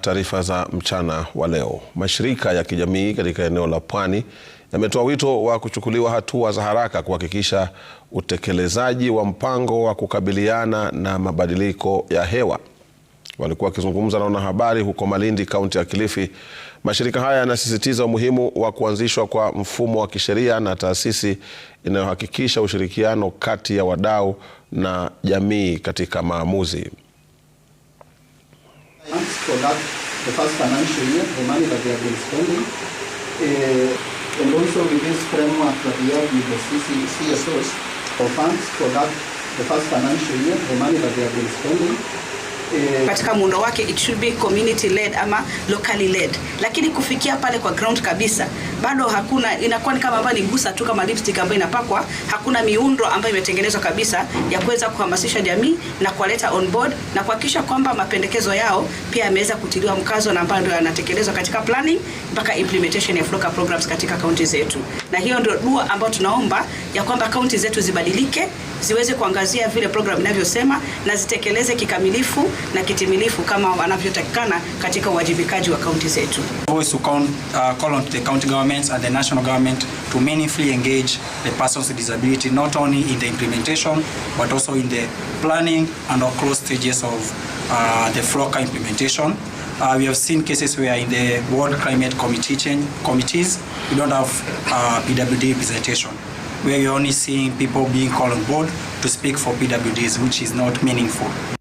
Taarifa za mchana wa leo. Mashirika ya kijamii katika eneo la Pwani yametoa wito wa kuchukuliwa hatua za haraka kuhakikisha utekelezaji wa mpango wa kukabiliana na mabadiliko ya hewa. Walikuwa wakizungumza na wanahabari huko Malindi, kaunti ya Kilifi. Mashirika haya yanasisitiza umuhimu wa kuanzishwa kwa mfumo wa kisheria na taasisi inayohakikisha ushirikiano kati ya wadau na jamii katika maamuzi for that, the first financial year, the money that they have been spending. Uh, and also with this framework that we have with the CC, CSOs for funds for that, the first financial year, the money that they have been spending katika muundo wake it should be community led ama locally led, lakini kufikia pale kwa ground kabisa bado hakuna, inakuwa ni kama ambayo ni gusa tu kama lipstick ambayo inapakwa. Hakuna miundo ambayo imetengenezwa kabisa ya kuweza kuhamasisha jamii na kuwaleta on board na kuhakikisha kwamba mapendekezo yao pia yameweza kutiliwa mkazo na ambayo ndio yanatekelezwa katika planning mpaka implementation ya local programs katika kaunti zetu, na hiyo ndio dua ambayo tunaomba ya kwamba kaunti zetu zibadilike ziweze kuangazia vile program inavyosema na zitekeleze kikamilifu na kitimilifu kama wanavyotakikana katika uwajibikaji wa kaunti zetu. Always to count, uh, call on the county government governments and the national government to meaningfully engage the persons with disability, not only in the implementation, but also in the planning and close stages of uh, the FLOCA implementation. Uh, we have seen cases where in the World Climate Committee change, committees, we don't have uh, PWD representation, where you're only seeing people being called on board to speak for PWDs, which is not meaningful.